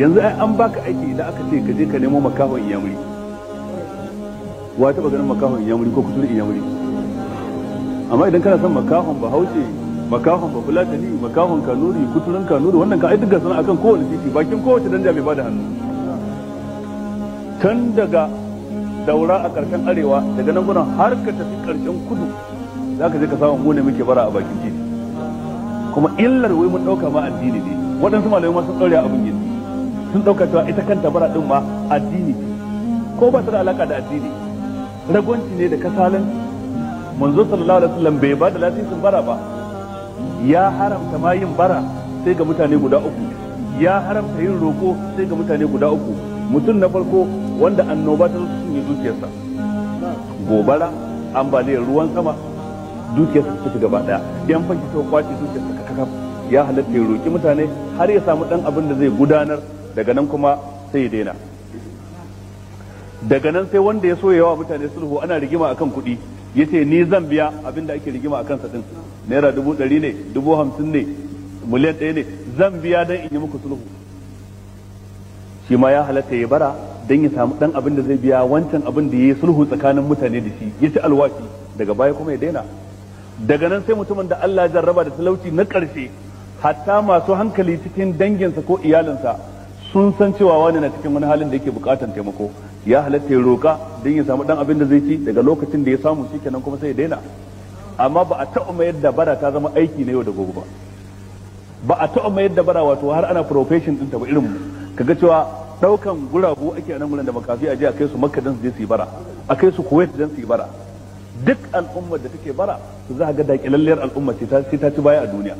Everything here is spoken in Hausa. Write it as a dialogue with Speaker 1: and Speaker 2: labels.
Speaker 1: yanzu ai an baka aiki idan aka ce ka je ka nemo makahon iyamuri wa taba ganin makahon iyamuri ko kusurin iyamuri amma idan kana son makahon hauce makahon bafulatani makahon kanuri kuturin kanuri wannan ka ai duka sana akan kowane titi bakin kowace danja mai bada hannu tun daga daura a karshen arewa daga nan gudan har ka tafi karshen kudu za ka je ka samu mu muke bara a bakin titi kuma illar wai mun ɗauka ma addini ne waɗansu malamai ma sun ɗaure abin gini sun ɗauka cewa ita kanta bara ɗin ma addini ko ba ta da alaka da addini ragwanci ne da kasalan manzo sallallahu alaihi wasallam bai ba da lasisin bara ba ya haramta ma yin bara sai ga mutane guda uku ya haramta yin roko sai ga mutane guda uku mutum na farko wanda annoba ta ne dukiyarsa gobara ambaliyar ruwan sama dukiyarsa ta ci gaba daya yan fanki ta kwace dukiyarsa kakakaf ya halatta ya roki mutane har ya samu dan abin da zai gudanar daga nan kuma sai ya daina daga nan sai wanda ya so yawa mutane sulhu ana rigima akan kuɗi yace ni zan biya abin da ake rigima akan sa din naira dubu ɗari ne dubu hamsin ne miliyan ɗaya ne zan biya dan in yi muku sulhu shi ma ya halatta ya bara dan ya samu dan abin da zai biya wancan abin da ya yi sulhu tsakanin mutane da shi ya ci alwashi daga baya kuma ya daina daga nan sai mutumin da Allah ya jarraba da talauci na ƙarshe hatta masu hankali cikin danginsa ko iyalinsa sun san cewa wani na cikin wani halin da yake bukatan taimako ya halatta ya roka don ya samu dan abin da zai ci daga lokacin da ya samu kenan kuma sai ya daina amma ba a taɓa mai yadda bara ta zama aiki na yau da gobe ba ba a taɓa mayar yadda bara wato har ana profession din ta ba irin mu kaga cewa daukan gurabu ake a nan gurin da makafi a je a kai su makka dan su je su yi bara a kai su kuwait dan su yi bara duk al'ummar da take bara su za ga kilalliyar al'umma ce ta ci baya a duniya